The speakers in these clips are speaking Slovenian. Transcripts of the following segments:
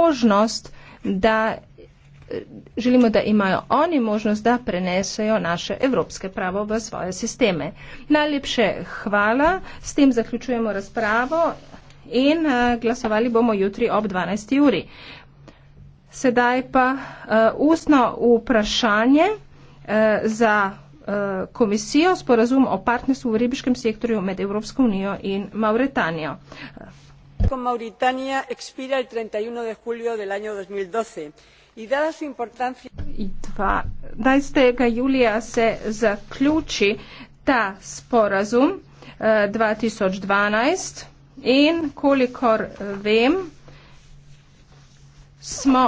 možnost, da eh, želimo, da imajo oni možnost, da prenesejo naše evropske pravo v svoje sisteme. Najlepše hvala, s tem zaključujemo razpravo in eh, glasovali bomo jutri ob 12. uri. Sedaj pa uh, ustno vprašanje uh, za uh, komisijo sporazum o partnerstvu v ribiškem sektorju med Evropsko unijo in Mauretanijo. Uh, con mauritania expira el treinta y uno de julio del año dos mil doce y dada su importancia. dvanajst julija se zaključi ta sporazum eh, dva tisoč dvanajst in kolikor eh, vem smo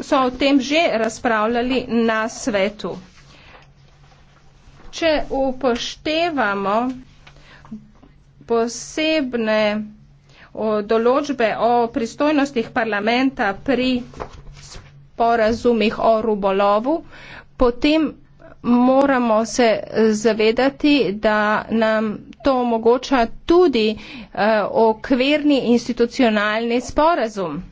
so o tem že razpravljali na svetu. Če upoštevamo posebne o določbe o pristojnostih parlamenta pri sporazumih o rubolovu, potem moramo se zavedati, da nam to omogoča tudi uh, okvirni institucionalni sporazum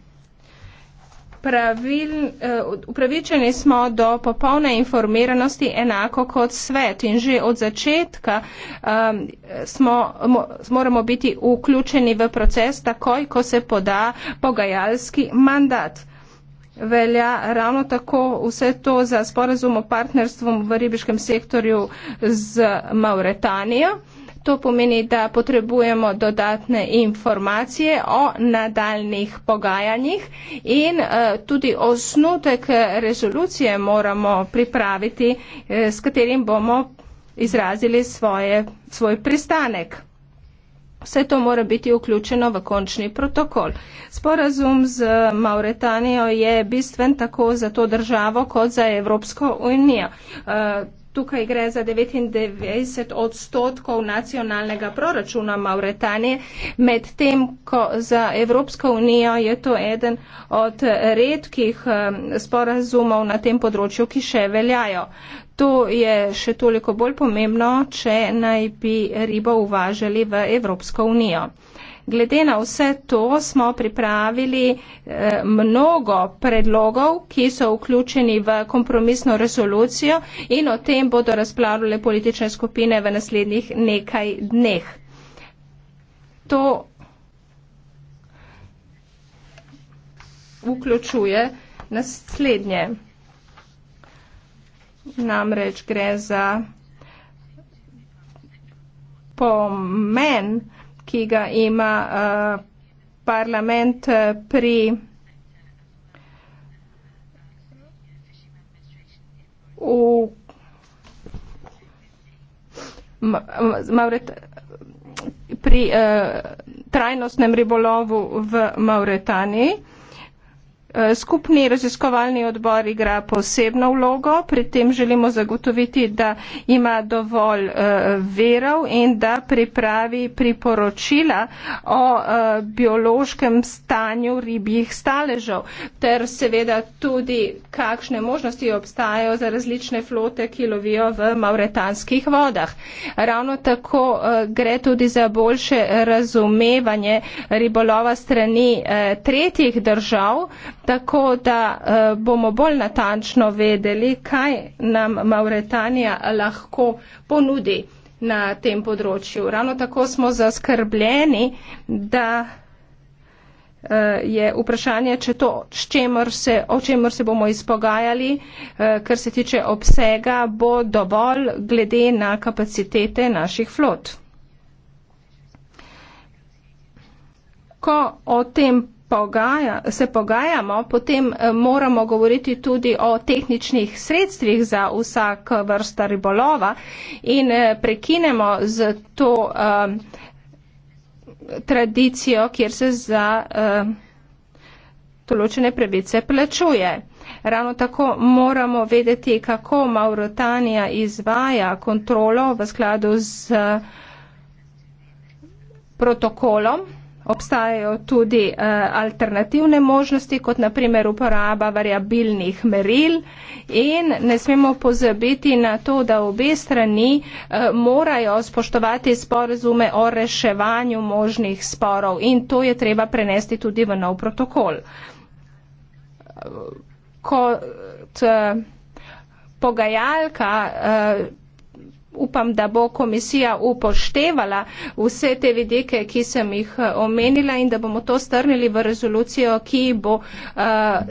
pravil, eh, upravičeni smo do popolne informiranosti enako kot svet in že od začetka um, smo, mo, moramo biti vključeni v proces takoj, ko se poda pogajalski mandat. Velja ravno tako vse to za sporazum o partnerstvu v ribiškem sektorju z Mauretanijo. To pomeni, da potrebujemo dodatne informacije o nadaljnih pogajanjih in eh, tudi osnutek rezolucije moramo pripraviti, eh, s katerim bomo izrazili svoje, svoj pristanek. Vse to mora biti vključeno v končni protokol. Sporazum z Mauretanijo je bistven tako za to državo kot za Evropsko unijo. Uh, Tukaj gre za 99 odstotkov nacionalnega proračuna Mauretanije, medtem ko za Evropsko unijo je to eden od redkih sporazumov na tem področju, ki še veljajo. To je še toliko bolj pomembno, če naj bi ribo uvažali v Evropsko unijo. Glede na vse to smo pripravili eh, mnogo predlogov, ki so vključeni v kompromisno rezolucijo in o tem bodo razplavljale politične skupine v naslednjih nekaj dneh. To vključuje naslednje. Namreč gre za pomen ki ga ima eh, parlament eh, pri v Mauret, pri eh, trajnostnem ribolovu v Mauretaniji. Eh, skupni raziskovalni odbor igra posebno vlogo, pri tem želimo zagotoviti, da ima dovolj eh, verov in da pripravi priporočila o eh, biološkem stanju ribjih staležev, ter seveda tudi, kakšne možnosti obstajajo za različne flote, ki lovijo v mauretanskih vodah. Ravno tako gre tudi za boljše razumevanje ribolova strani tretjih držav, tako da eh, bomo bolj natančno vedeli, kaj nam Mauretanija lahko ponudi na tem področju. Ravno tako smo zaskrbljeni, da eh, je vprašanje, če to, se, o čemer se bomo izpogajali, eh, kar se tiče obsega, bo dovolj glede na kapacitete naših flot. Ko o tem pogaja, se pogajamo, potem eh, moramo govoriti tudi o tehničnih sredstvih za vsak vrsta ribolova in eh, prekinemo z to um, tradicijo, kjer se za um, določene prebice plačuje. Ravno tako moramo vedeti, kako Mauritanija izvaja kontrolo v skladu z protokolom. Obstajajo tudi eh, alternativne možnosti, kot naprimer uporaba variabilnih meril in ne smemo pozabiti na to, da obe strani eh, morajo spoštovati sporazume o reševanju možnih sporov in to je treba prenesti tudi v nov protokol. Eh, kot eh, pogajalka. Eh, upam, da bo komisija upoštevala vse te vidike, ki sem jih eh, omenila in da bomo to strnili v rezolucijo, ki bo uh,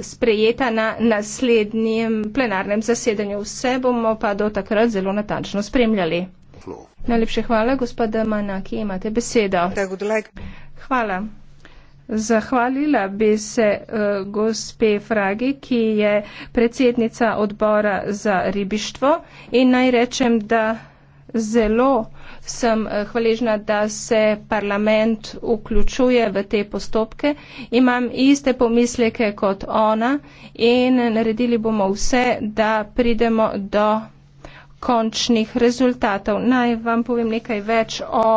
sprejeta na naslednjem plenarnem zasedanju. Vse bomo pa do takrat zelo natančno spremljali. No. Najlepše hvala, gospod Manaki, imate besedo. Hvala. Zahvalila bi se uh, gospe Fragi, ki je predsednica odbora za ribištvo in naj rečem, da zelo sem eh, hvaležna, da se parlament vključuje v te postopke. Imam iste pomisleke kot ona in naredili bomo vse, da pridemo do končnih rezultatov. Naj vam povem nekaj več o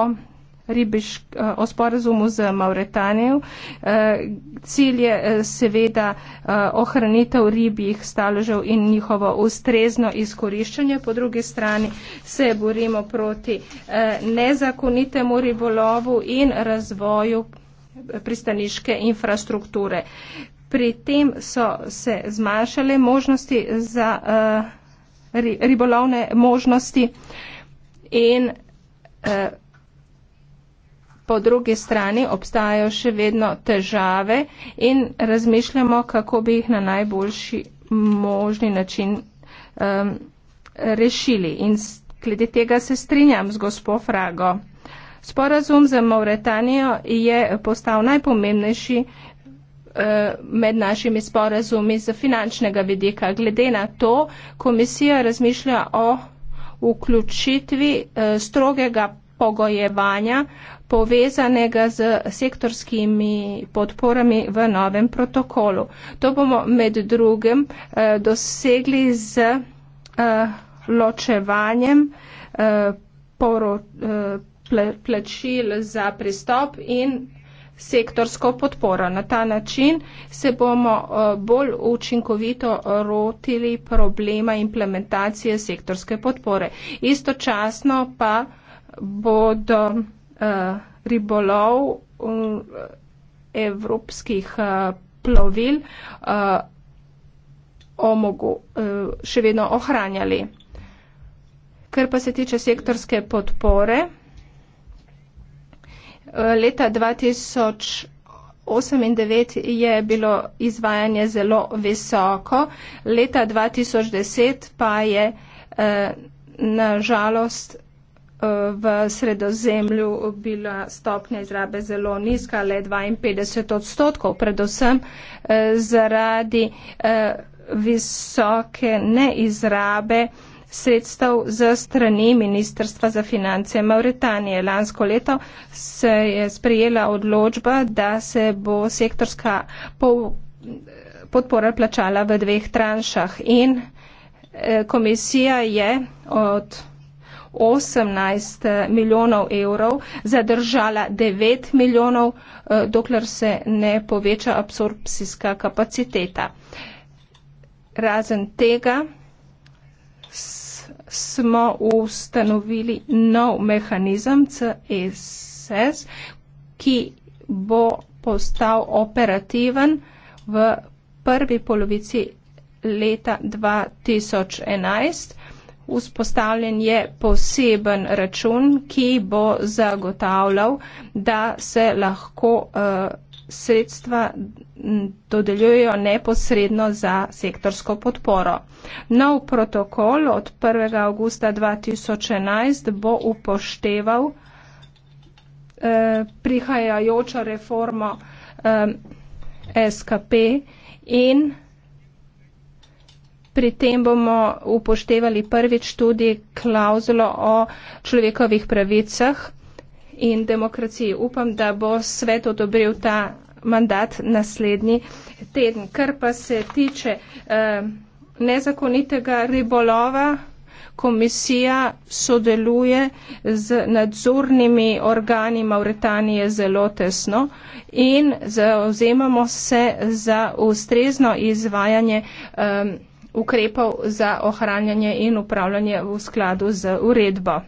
ribiš, eh, o sporazumu z Mauretanijo. Eh, cilj je eh, seveda ohranitev ribjih staložev in njihovo ustrezno izkoriščanje. Po drugi strani se borimo proti nezakonitemu ribolovu in razvoju pristaniške infrastrukture. Pri tem so se zmanjšale možnosti za uh, ribolovne možnosti in uh, po drugi strani obstajajo še vedno težave in razmišljamo, kako bi jih na najboljši možni način um, rešili. In glede tega se strinjam z gospo Frago. Sporazum za Mauretanijo je postal najpomembnejši uh, med našimi sporazumi z finančnega vidika. Glede na to, komisija razmišlja o vključitvi uh, strogega pogojevanja povezanega z sektorskimi podporami v novem protokolu. To bomo med drugim eh, dosegli z eh, ločevanjem eh, poro, eh, plačil za pristop in sektorsko podporo. Na ta način se bomo eh, bolj učinkovito rotili problema implementacije sektorske podpore. Istočasno pa bodo uh, ribolov uh, evropskih uh, plovil uh, omogo, uh, še vedno ohranjali. Ker pa se tiče sektorske podpore, leta 2008 in 2009 je bilo izvajanje zelo visoko, leta 2010 pa je eh, na žalost v sredozemlju bila stopnja izrabe zelo nizka, le 52 odstotkov, predvsem eh, zaradi eh, visoke neizrabe sredstev z strani Ministrstva za finance Mauritanije. Lansko leto se je sprejela odločba, da se bo sektorska podpora plačala v dveh tranšah in eh, komisija je od 18 eh, milijonov evrov, zadržala 9 milijonov, eh, dokler se ne poveča absorpcijska kapaciteta. Razen tega smo ustanovili nov mehanizem CSS, e ki bo postal operativen v prvi polovici leta 2011 vzpostavljen je poseben račun, ki bo zagotavljal, da se lahko uh, sredstva dodeljujejo neposredno za sektorsko podporo. Nov protokol od 1. augusta 2011 bo upošteval eh, prihajajočo reformo eh, SKP in Pri tem bomo upoštevali prvič tudi klauzulo o človekovih pravicah in demokraciji. Upam, da bo svet odobril ta mandat naslednji teden. Kar pa se tiče eh, nezakonitega ribolova, komisija sodeluje z nadzornimi organi Mauritanije zelo tesno in zauzemamo se za ustrezno izvajanje. Eh, ukrepov za ohranjanje in upravljanje v skladu z uredbo.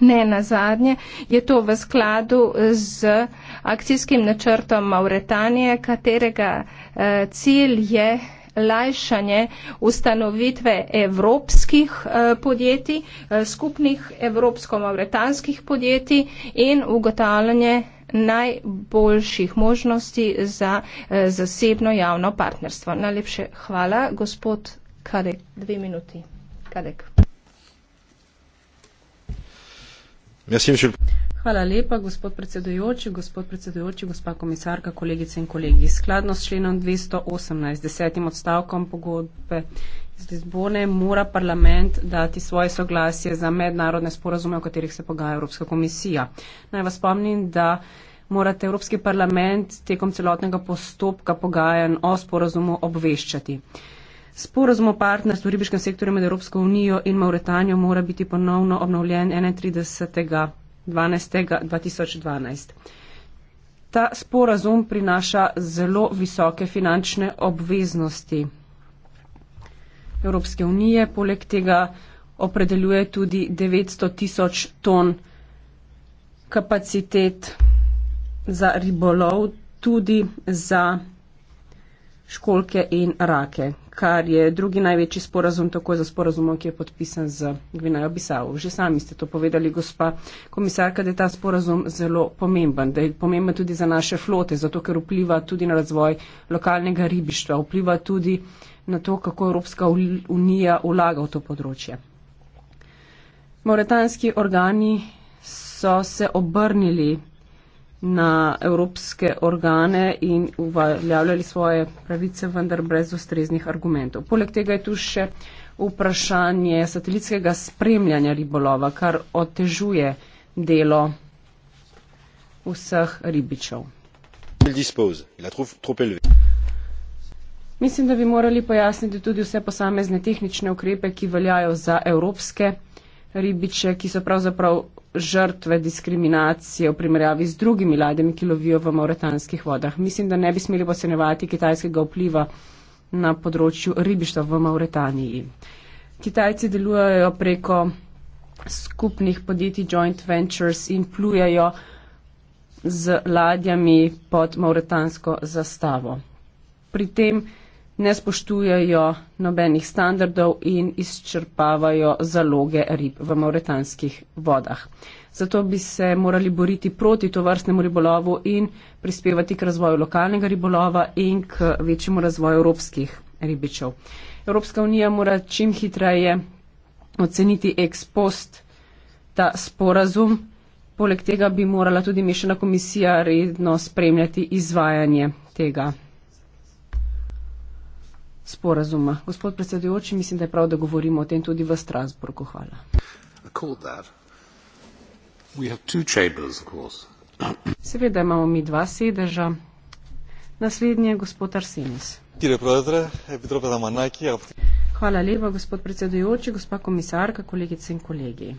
Ne na zadnje, je to v skladu z akcijskim načrtom Mauretanije, katerega eh, cilj je lajšanje ustanovitve evropskih eh, podjetij, eh, skupnih evropsko-mauretanskih podjetij in ugotavljanje najboljših možnosti za eh, zasebno javno partnerstvo. Najlepše hvala, gospod Kadek. Dve minuti. Kadek. Hvala lepa, gospod predsedujoči, gospod predsedujoči, gospa komisarka, kolegice in kolegi. Skladno s členom 218, desetim odstavkom pogodbe iz Lizbone mora parlament dati svoje soglasje za mednarodne sporazume, o katerih se pogaja Evropska komisija. Naj vas spomnim, da morate Evropski parlament tekom celotnega postopka pogajanj o sporazumu obveščati. Sporazum o partnerstvu v ribiškem sektorju med Evropsko unijo in Mauretanijo mora biti ponovno obnovljen 31.12.2012. Ta sporazum prinaša zelo visoke finančne obveznosti. Evropske unije. Poleg tega opredeljuje tudi 900 tisoč ton kapacitet za ribolov, tudi za školke in rake kar je drugi največji sporazum, tako za sporazumom, ki je podpisan z Gvinajo Bisavo. Že sami ste to povedali, gospa komisarka, da je ta sporazum zelo pomemben, da je pomemben tudi za naše flote, zato ker vpliva tudi na razvoj lokalnega ribištva, vpliva tudi na to, kako Evropska unija vlaga v to področje. Mauretanski organi so se obrnili na evropske organe in uveljavljali svoje pravice, vendar brez ustreznih argumentov. Poleg tega je tu še vprašanje satelitskega spremljanja ribolova, kar otežuje delo vseh ribičev. Mislim, da bi morali pojasniti tudi vse posamezne tehnične ukrepe, ki veljajo za evropske ribiče, ki so pravzaprav žrtve diskriminacije v primerjavi z drugimi ladjami, ki lovijo v mauretanskih vodah. Mislim, da ne bi smeli posenevati kitajskega vpliva na področju ribištva v Mauretaniji. Kitajci delujejo preko skupnih podjetij joint ventures in plujejo z ladjami pod mauretansko zastavo. Pri tem ne spoštujejo nobenih standardov in izčrpavajo zaloge rib v mauretanskih vodah. Zato bi se morali boriti proti to vrstnemu ribolovu in prispevati k razvoju lokalnega ribolova in k večjemu razvoju evropskih ribičev. Evropska unija mora čim hitreje oceniti ex post ta sporazum. Poleg tega bi morala tudi mešana komisija redno spremljati izvajanje tega sporazuma. Gospod predsedujoči, mislim, da je prav, da govorimo o tem tudi v Strasburgu. Hvala. Seveda imamo mi dva sedeža. Naslednji je gospod Arsenis. Hvala lepa, gospod predsedujoči, gospa komisarka, kolegice in kolegi.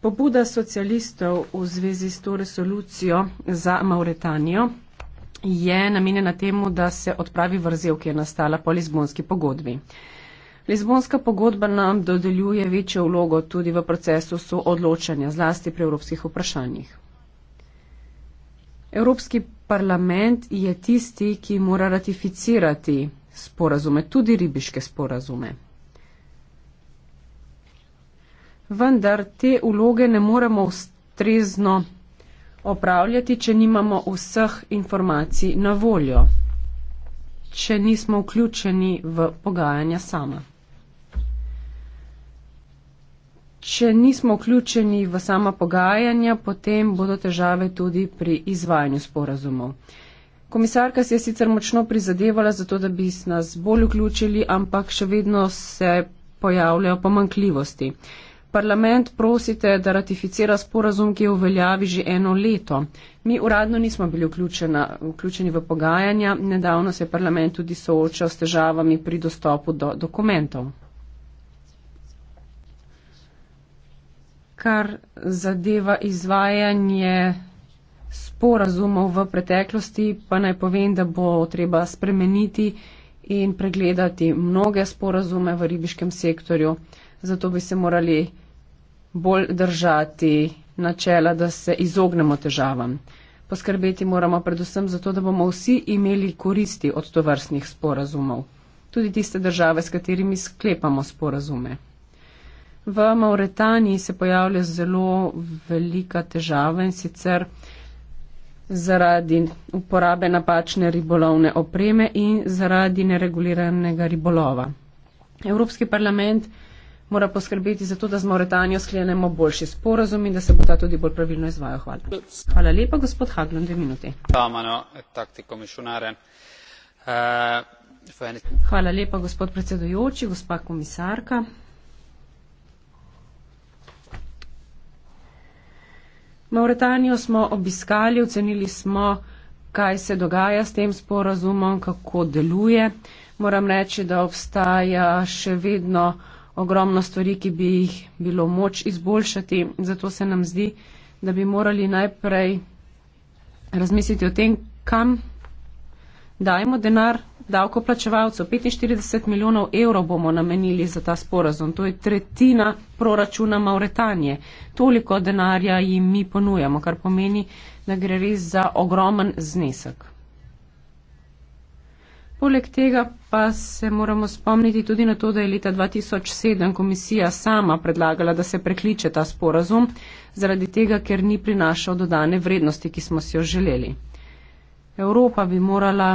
Pobuda socialistov v zvezi s to resolucijo za Mauretanijo je namenjena temu, da se odpravi vrzel, ki je nastala po Lizbonski pogodbi. Lizbonska pogodba nam dodeljuje večjo vlogo tudi v procesu soodločanja, zlasti pri evropskih vprašanjih. Evropski parlament je tisti, ki mora ratificirati sporazume, tudi ribiške sporazume. Vendar te vloge ne moremo ustrezno opravljati, če nimamo vseh informacij na voljo, če nismo vključeni v pogajanja sama. Če nismo vključeni v sama pogajanja, potem bodo težave tudi pri izvajanju sporazumov. Komisarka si je sicer močno prizadevala za to, da bi nas bolj vključili, ampak še vedno se pojavljajo pomankljivosti. Uh, parlament prosite, da ratificira sporazum, ki je uveljavi že eno leto. Mi uradno nismo bili vključena, vključeni v pogajanja, nedavno se je parlament tudi soočal s težavami pri dostopu do dokumentov. Kar zadeva izvajanje sporazumov v preteklosti, pa naj povem, da bo treba spremeniti in pregledati mnoge sporazume v ribiškem sektorju. Zato bi se morali bolj držati načela, da se izognemo težavam. Poskrbeti moramo predvsem zato, da bomo vsi imeli koristi od tovrstnih sporazumov, tudi tiste države, s katerimi sklepamo sporazume. V Mauretaniji se pojavlja zelo velika težava in sicer zaradi uporabe napačne ribolovne opreme in zaradi nereguliranega ribolova. Evropski parlament mora poskrbeti za to, da z Mauretanijo sklenemo boljši sporazum in da se bo ta tudi bolj pravilno izvajal. Hvala. Hvala lepa, gospod Haglund, dve minuti. Eh, eh, Hvala lepa, gospod predsedujoči, gospa komisarka. Mauretanijo smo obiskali, ocenili smo, kaj se dogaja s tem sporazumom, kako deluje. Moram reči, da obstaja še vedno uh, ogromno stvari, ki bi jih bilo moč izboljšati. Zato se nam zdi, da bi morali najprej razmisliti o tem, kam dajemo denar davkoplačevalcev. 45 milijonov evrov bomo namenili za ta sporazum. To je tretjina proračuna Mauretanije. Toliko denarja jim mi ponujamo, kar pomeni, da gre res za ogromen znesek. Poleg tega pa se moramo spomniti tudi na to, da je leta 2007 komisija sama predlagala, da se prekliče ta sporazum, zaradi tega, ker ni prinašal dodane vrednosti, ki smo si jo želeli. Evropa bi morala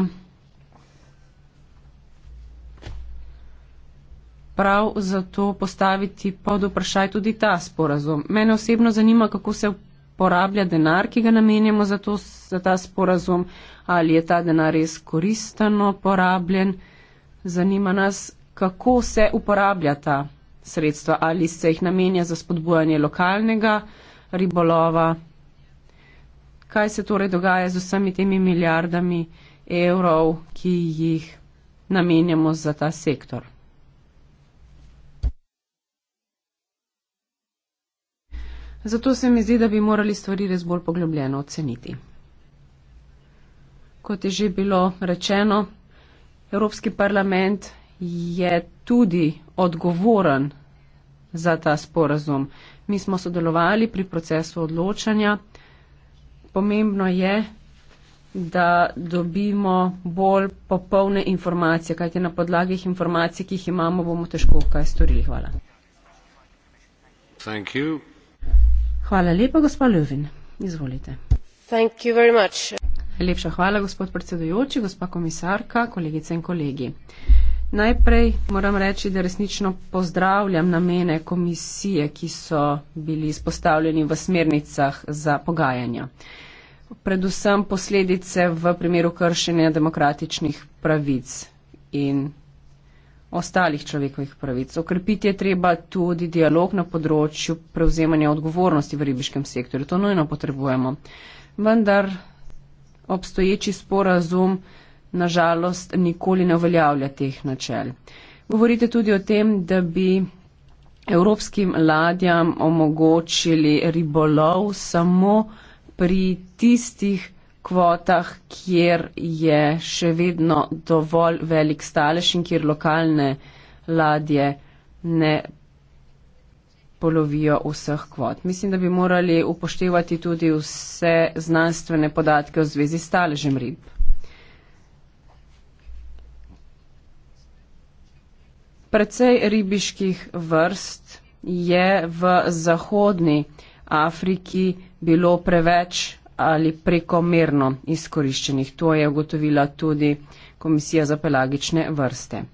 prav zato postaviti pod vprašaj tudi ta sporazum. Mene osebno zanima, kako se uporablja denar, ki ga namenjamo za, to, za ta sporazum ali je ta denar res koristen, porabljen. Zanima nas, kako se uporabljata sredstva, ali se jih namenja za spodbujanje lokalnega ribolova. Kaj se torej dogaja z vsemi temi milijardami evrov, ki jih namenjamo za ta sektor? Zato se mi zdi, da bi morali stvari res bolj poglobljeno oceniti kot je že bilo rečeno, Evropski parlament je tudi odgovoren za ta sporazum. Mi smo sodelovali pri procesu odločanja. Pomembno je, da dobimo bolj popolne informacije, kajti na podlagih informacij, ki jih imamo, bomo težko kaj storili. Hvala. Hvala lepa, gospod Ljuvin. Izvolite. Thank you very much. Lepša hvala, gospod predsedujoči, gospa komisarka, kolegice in kolegi. Najprej moram reči, da resnično pozdravljam namene komisije, ki so bili izpostavljeni v smernicah za pogajanja. Predvsem posledice v primeru kršenja demokratičnih pravic in ostalih človekovih pravic. Okrepiti je treba tudi dialog na področju prevzemanja odgovornosti v ribiškem sektorju. To nujno potrebujemo. Vendar obstoječi sporazum nažalost nikoli ne uveljavlja teh načel. Govorite tudi o tem, da bi evropskim ladjam omogočili ribolov samo pri tistih kvotah, kjer je še vedno dovolj velik stalež in kjer lokalne ladje ne polovijo vseh kvot. Mislim, da bi morali upoštevati tudi vse znanstvene podatke v zvezi s staležem rib. Predvsej ribiških vrst je v zahodni Afriki bilo preveč ali prekomerno izkoriščenih. To je ugotovila tudi Komisija za pelagične vrste.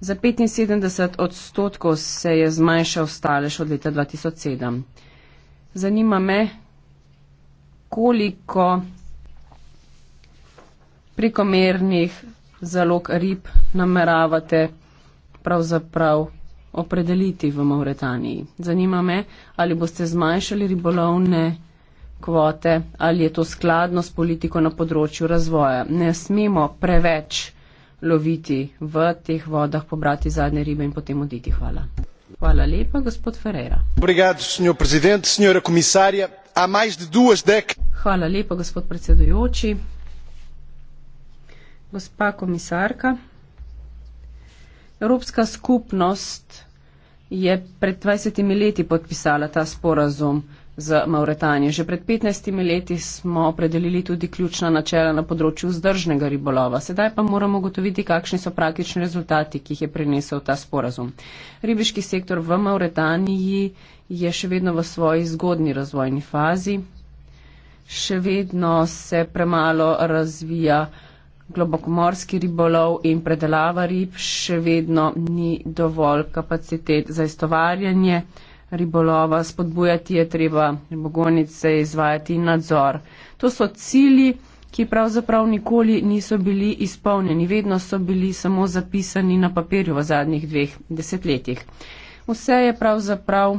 Za 75 odstotkov se je zmanjšal stalež od leta 2007. Zanima me, koliko prekomernih zalog rib nameravate pravzaprav opredeliti v Mauretaniji. Zanima me, ali boste zmanjšali ribolovne kvote, ali je to skladno s politiko na področju razvoja. Ne smemo preveč loviti v teh vodah, pobrati zadnje ribe in potem oditi. Hvala. Hvala lepa, gospod Ferreira. Obrigado, senjor prezident, senjora komisarja. A mais de duas dek. Hvala lepa, gospod predsedujoči. Gospa komisarka, Evropska skupnost je pred 20 leti podpisala ta sporazum z Mauretanijo. Že pred 15 leti smo opredelili tudi ključna načela na področju vzdržnega ribolova. Sedaj pa moramo gotoviti, kakšni so praktični rezultati, ki jih je prinesel ta sporazum. Ribiški sektor v Mauretaniji je še vedno v svoji zgodni razvojni fazi. Še vedno se premalo razvija globokomorski ribolov in predelava rib, še vedno ni dovolj kapacitet za istovarjanje ribolova, spodbujati je treba ribogonice, izvajati nadzor. To so cili, ki pravzaprav nikoli niso bili izpolnjeni, vedno so bili samo zapisani na papirju v zadnjih dveh desetletjih. Vse je pravzaprav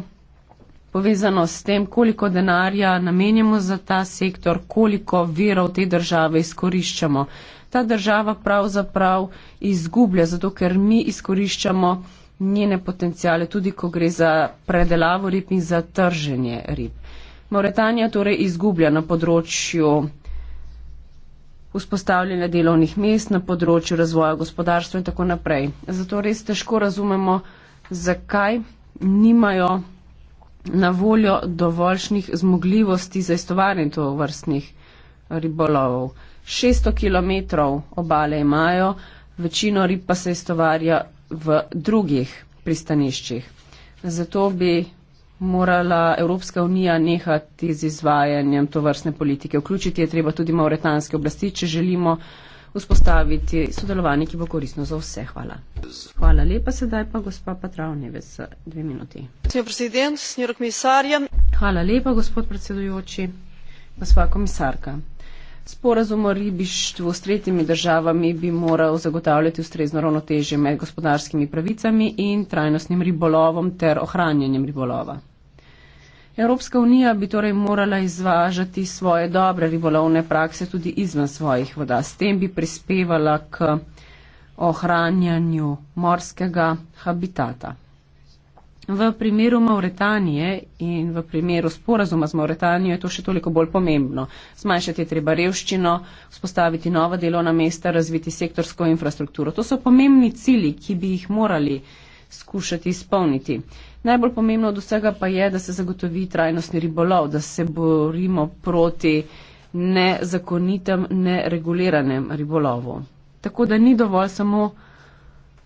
povezano s tem, koliko denarja namenjamo za ta sektor, koliko virov te države izkoriščamo. Ta država pravzaprav izgublja, zato ker mi izkoriščamo njene potencijale, tudi ko gre za predelavo rib in za trženje rib. Mauretanija torej izgublja na področju vzpostavljanja delovnih mest, na področju razvoja gospodarstva in tako naprej. Zato res težko razumemo, zakaj nimajo na voljo dovoljšnih zmogljivosti za istovarjanje to vrstnih ribolovov. 600 km obale imajo, večino rib pa se istovarja v drugih pristaniščih. Zato bi morala Evropska unija nehati z izvajanjem to vrstne politike. Vključiti je treba tudi mauretanske oblasti, če želimo vzpostaviti sodelovanje, ki bo korisno za vse. Hvala. Hvala lepa, sedaj pa gospa Patravneve za dve minuti. Hvala lepa, gospod predsedujoči, gospa komisarka. Sporazum o ribištvu s tretjimi državami bi moral zagotavljati ustrezno ravnotežje med gospodarskimi pravicami in trajnostnim ribolovom ter ohranjanjem ribolova. Evropska unija bi torej morala izvažati svoje dobre ribolovne prakse tudi izven svojih voda. S tem bi prispevala k ohranjanju morskega habitata. V primeru Mauretanije in v primeru sporazuma z Mauretanijo je to še toliko bolj pomembno. Zmanjšati je treba revščino, vzpostaviti nova delovna mesta, razviti sektorsko infrastrukturo. To so pomembni cili, ki bi jih morali skušati izpolniti. Najbolj pomembno od vsega pa je, da se zagotovi trajnostni ribolov, da se borimo proti nezakonitem, nereguliranem ribolovu. Tako da ni dovolj samo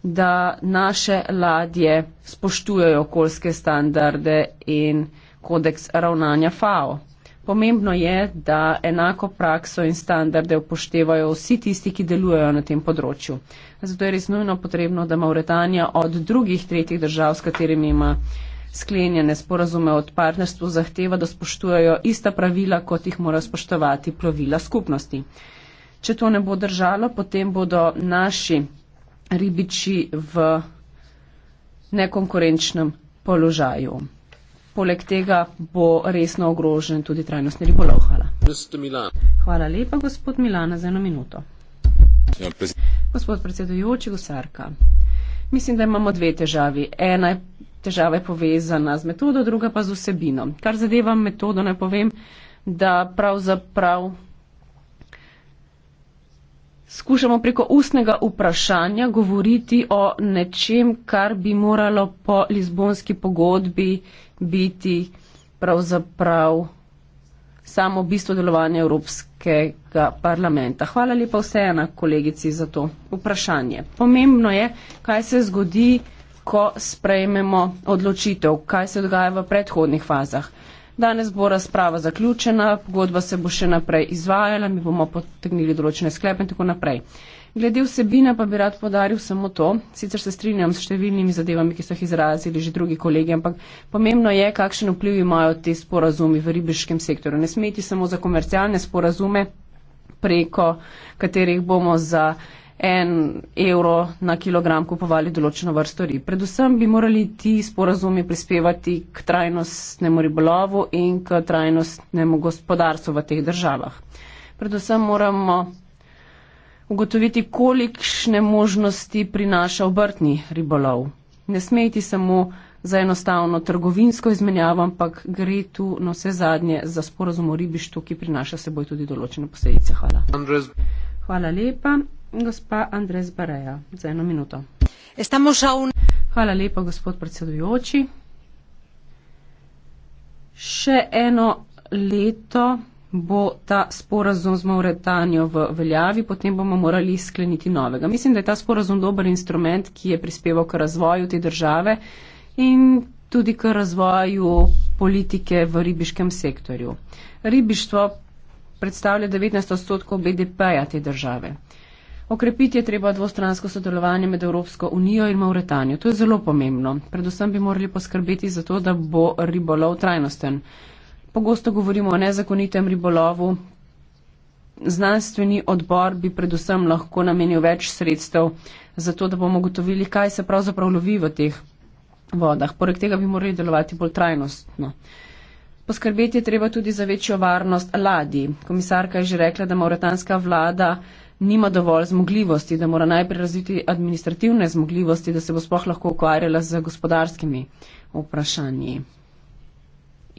da naše ladje spoštujejo okoljske standarde in kodeks ravnanja FAO. Pomembno je, da enako prakso in standarde upoštevajo vsi tisti, ki delujejo na tem področju. Zato je res nujno potrebno, da Mauretanija od drugih tretjih držav, s katerimi ima sklenjene sporazume o partnerstvu, zahteva, da spoštujejo ista pravila, kot jih morajo spoštovati plovila skupnosti. Če to ne bo držalo, potem bodo naši ribiči v nekonkurenčnem položaju. Poleg tega bo resno ogrožen tudi trajnostni ribolov. Hvala. Hvala lepa, gospod Milana, za eno minuto. Ja, gospod predsedujoči, gusarka. Mislim, da imamo dve težavi. Ena je težava je povezana z metodo, druga pa z vsebino. Kar zadeva metodo, naj povem, da pravzaprav prav skušamo preko ustnega vprašanja govoriti o nečem, kar bi moralo po Lizbonski pogodbi biti pravzaprav samo bistvo delovanja Evropskega parlamenta. Hvala lepa vseeno kolegici za to vprašanje. Pomembno je, kaj se zgodi, ko sprejmemo odločitev, kaj se dogaja v predhodnih fazah. Danes bo razprava zaključena, pogodba se bo še naprej izvajala, mi bomo potegnili določene sklepe in tako naprej. Glede vsebine pa bi rad podaril samo to, sicer se strinjam s številnimi zadevami, ki so jih izrazili že drugi kolegi, ampak pomembno je, kakšen vpliv imajo te sporazumi v ribiškem sektoru. Ne smeti samo za komercialne sporazume, preko katerih bomo za en evro na kilogram kupovali določeno vrsto rib. Predvsem bi morali ti sporazumi prispevati k trajnostnemu ribolovu in k trajnostnemu gospodarstvu v teh državah. Predvsem moramo ugotoviti, kolikšne možnosti prinaša obrtni ribolov. Ne smeti samo za enostavno trgovinsko izmenjavo, ampak gre tu na vse zadnje za sporozum o ribištu, ki prinaša seboj tudi določene posledice. Hvala. Andres. Hvala lepa. Hvala lepa, gospod predsedujoči. Še eno leto bo ta sporazum z Mauretanijo v veljavi, potem bomo morali skleniti novega. Mislim, da je ta sporazum dober instrument, ki je prispeval k razvoju te države in tudi k razvoju politike v ribiškem sektorju. Ribištvo predstavlja 19 odstotkov BDP-ja te države. Okrepiti je treba dvostransko sodelovanje med Evropsko unijo in Mauretanijo. To je zelo pomembno. Predvsem bi morali poskrbeti za to, da bo ribolov trajnosten. Pogosto govorimo o nezakonitem ribolovu. Znanstveni odbor bi predvsem lahko namenil več sredstev za to, da bomo gotovili, kaj se pravzaprav lovi v teh vodah. Poleg tega bi morali delovati bolj trajnostno. Poskrbeti je treba tudi za večjo varnost ladij. Komisarka je že rekla, da mauretanska vlada nima dovolj zmogljivosti, da mora najprej razviti administrativne zmogljivosti, da se bo sploh lahko ukvarjala z gospodarskimi vprašanji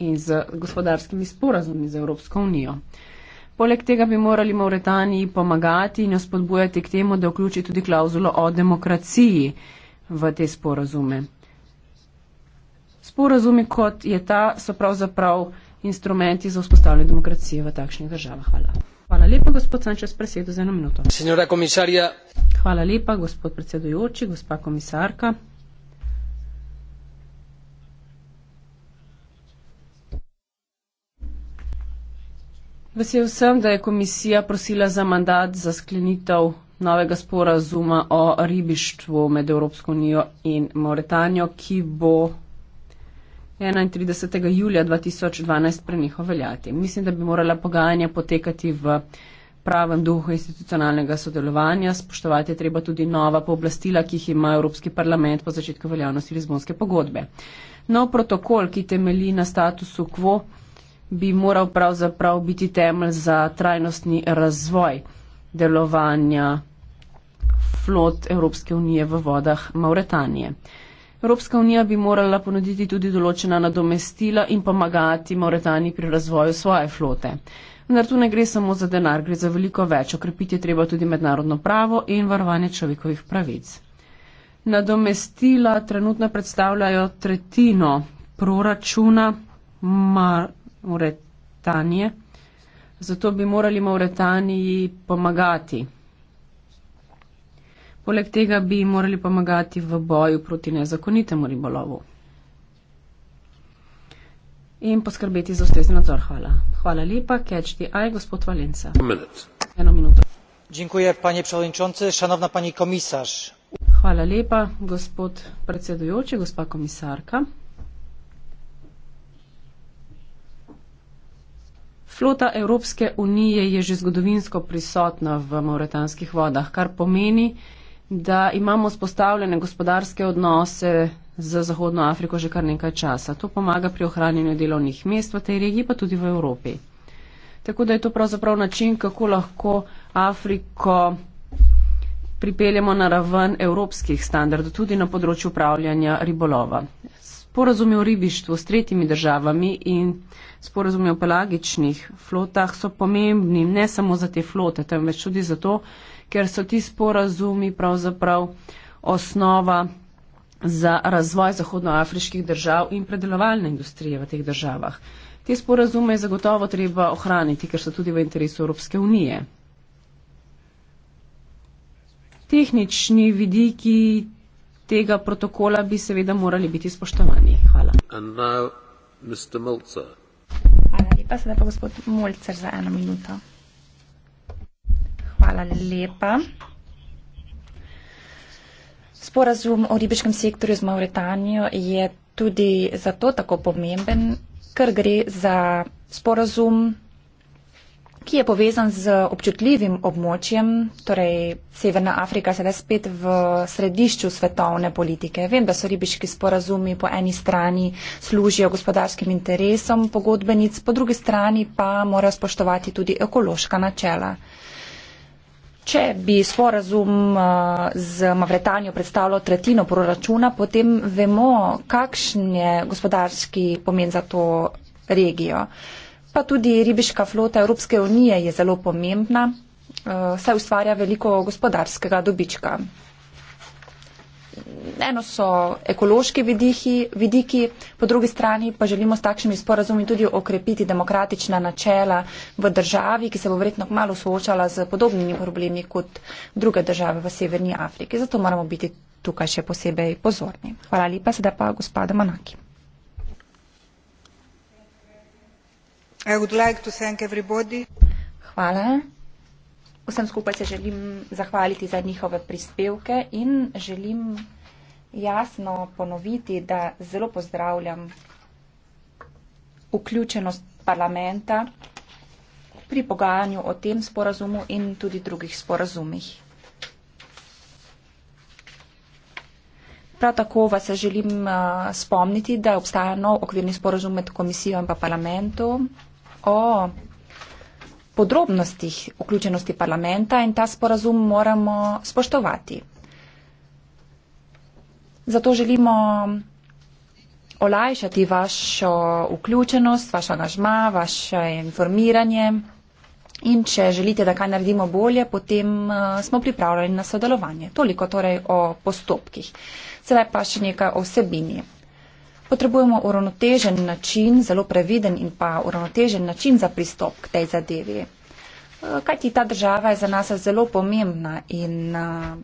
in z gospodarskimi sporazumi z Evropsko unijo. Poleg tega bi morali Mauretaniji pomagati in jo spodbujati k temu, da vključi tudi klauzulo o demokraciji v te sporazume. Sporazumi kot je ta so pravzaprav instrumenti za vzpostavljanje demokracije v takšnih državah. Hvala. Hvala lepa, gospod Sančes, presedo za eno minuto. Hvala lepa, gospod predsedujoči, gospa komisarka. Vesel sem, da je komisija prosila za mandat za sklenitev novega sporazuma o ribištvu med Evropsko unijo in Mauretanijo, ki bo 31. julija 2012 prenehal veljati. Mislim, da bi morala pogajanja potekati v pravem duhu institucionalnega sodelovanja, spoštovati je treba tudi nova pooblastila, ki jih ima Evropski parlament po začetku veljavnosti Lizbonske pogodbe. No, protokol, ki temelji na statusu quo, bi moral pravzaprav biti temelj za trajnostni razvoj delovanja flot Evropske unije v vodah Mauretanije. Evropska unija bi morala ponuditi tudi določena nadomestila in pomagati Mauretani pri razvoju svoje flote. Vendar tu ne gre samo za denar, gre za veliko več. Okrepiti je treba tudi mednarodno pravo in varovanje človekovih pravic. Nadomestila trenutno predstavljajo tretjino proračuna Mauretanije, zato bi morali Mauretaniji pomagati. Poleg tega bi morali pomagati v boju proti nezakonitemu ribolovu. In poskrbeti za ustrezni nadzor. Hvala. Hvala lepa. Catch the eye, gospod Valenca. Eno minuto. Dziękuję, panie przewodniczący, szanowna pani komisarz. Hvala lepa, gospod predsedujoči, gospa komisarka. Flota Evropske unije je že zgodovinsko prisotna v mauretanskih vodah, kar pomeni, da da imamo spostavljene gospodarske odnose z Zahodno Afriko že kar nekaj časa. To pomaga pri ohranjanju delovnih mest v tej regiji, pa tudi v Evropi. Tako da je to pravzaprav način, kako lahko Afriko pripeljemo na raven evropskih standardov, tudi na področju upravljanja ribolova. Sporazumi o ribištvu s tretjimi državami in sporazumi o pelagičnih flotah so pomembni ne samo za te flote, temveč tudi zato, ker so ti sporazumi pravzaprav osnova za razvoj zahodnoafriških držav in predelovalne industrije v teh državah. Te sporazume je zagotovo treba ohraniti, ker so tudi v interesu Evropske unije. Tehnični vidiki tega protokola bi seveda morali biti spoštovani. Hvala. Now, Hvala lepa, sedaj pa gospod Molcer za eno minuto. Hvala lepa. Sporazum o ribiškem sektorju z Mauritanijo je tudi zato tako pomemben, ker gre za sporazum, ki je povezan z občutljivim območjem, torej Severna Afrika se le spet v središču svetovne politike. Vem, da so ribiški sporazumi po eni strani služijo gospodarskim interesom pogodbenic, po drugi strani pa morajo spoštovati tudi ekološka načela. Če bi sporazum eh, z Mavretanjo predstavljal tretjino proračuna, potem vemo, kakšen je gospodarski pomen za to regijo. Pa tudi ribiška flota Evropske unije je zelo pomembna, eh, saj ustvarja veliko gospodarskega dobička. Eno so ekološki vidiki, vidiki, po drugi strani pa želimo s takšnimi sporazumi tudi okrepiti demokratična načela v državi, ki se bo verjetno malo soočala z podobnimi problemi kot druge države v Severni Afriki. Zato moramo biti tukaj še posebej pozorni. Hvala lepa, sedaj pa gospoda Manaki. Hvala vsem skupaj se želim zahvaliti za njihove prispevke in želim jasno ponoviti, da zelo pozdravljam vključenost parlamenta pri pogajanju o tem sporazumu in tudi drugih sporazumih. Prav tako vas želim uh, spomniti, da obstaja nov okvirni sporazum med komisijo in pa parlamentom o podrobnostih vključenosti parlamenta in ta sporazum moramo spoštovati. Zato želimo olajšati vašo vključenost, vaš angažma, vaše informiranje in če želite, da kaj naredimo bolje, potem eh, smo pripravljeni na sodelovanje. Toliko torej o postopkih. Sedaj pa še nekaj o vsebini potrebujemo uravnotežen način, zelo previden in pa uravnotežen način za pristop k tej zadevi. Eh, Kaj ti ta država je za nas zelo pomembna in eh,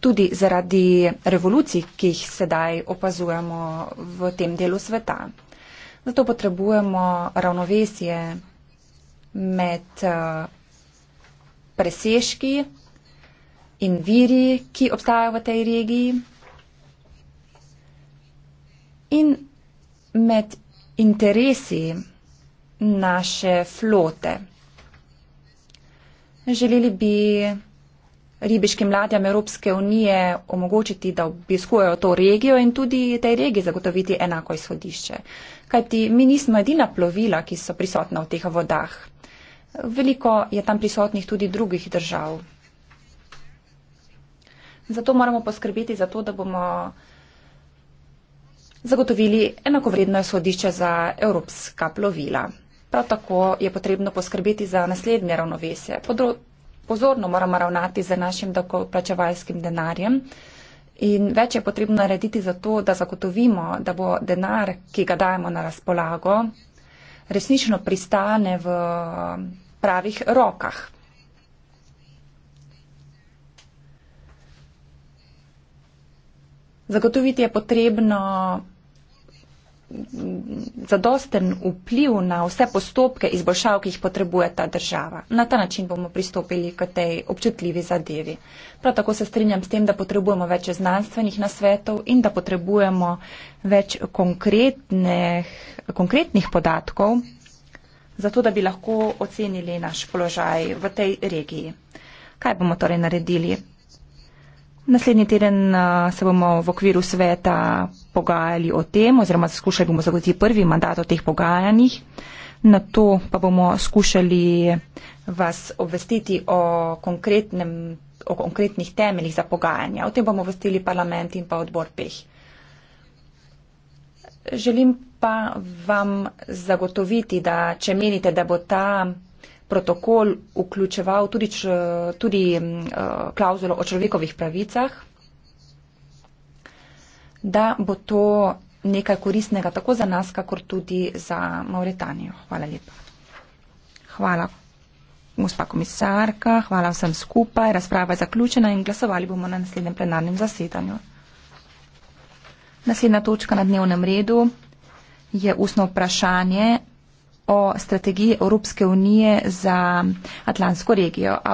tudi zaradi revolucij, ki jih sedaj opazujemo v tem delu sveta. Zato potrebujemo ravnovesje med eh, presežki in viri, ki obstajajo v tej regiji in med interesi naše flote. Želeli bi ribiškim ladjam Evropske unije omogočiti, da obiskujejo to regijo in tudi tej regiji zagotoviti enako izhodišče. Kajti mi nismo edina plovila, ki so prisotna v teh vodah. Veliko je tam prisotnih tudi drugih držav. Zato moramo poskrbeti za to, da bomo zagotovili enakovredno sodišče za evropska plovila. Prav tako je potrebno poskrbeti za naslednje ravnovesje. Podro pozorno moramo ravnati z našim dokoplačevalskim denarjem in več je potrebno narediti za to, da zagotovimo, da bo denar, ki ga dajemo na razpolago, resnično pristane v pravih rokah. Zagotoviti je potrebno zadosten vpliv na vse postopke izboljšav, ki jih potrebuje ta država. Na ta način bomo pristopili k tej občutljivi zadevi. Prav tako se strinjam s tem, da potrebujemo več znanstvenih nasvetov in da potrebujemo več konkretnih podatkov, zato da bi lahko ocenili naš položaj v tej regiji. Kaj bomo torej naredili? Naslednji teden eh, se bomo v okviru sveta pogajali o tem oziroma skušali bomo zagotoviti prvi mandat o teh pogajanjih. Na to pa bomo skušali vas obvestiti o, o konkretnih temeljih za pogajanja. O tem bomo obvestili parlament in pa odbor PEH. Želim pa vam zagotoviti, da če menite, da bo ta protokol vključeval tudi, tudi eh, klauzulo o človekovih pravicah, da bo to nekaj koristnega tako za nas, kakor tudi za Mauretanijo. Hvala lepa. Hvala, gospa komisarka, hvala vsem skupaj. Razprava je zaključena in glasovali bomo na naslednjem plenarnem zasedanju. Naslednja točka na dnevnem redu je ustno vprašanje o strategiji Evropske unije za Atlantsko regijo.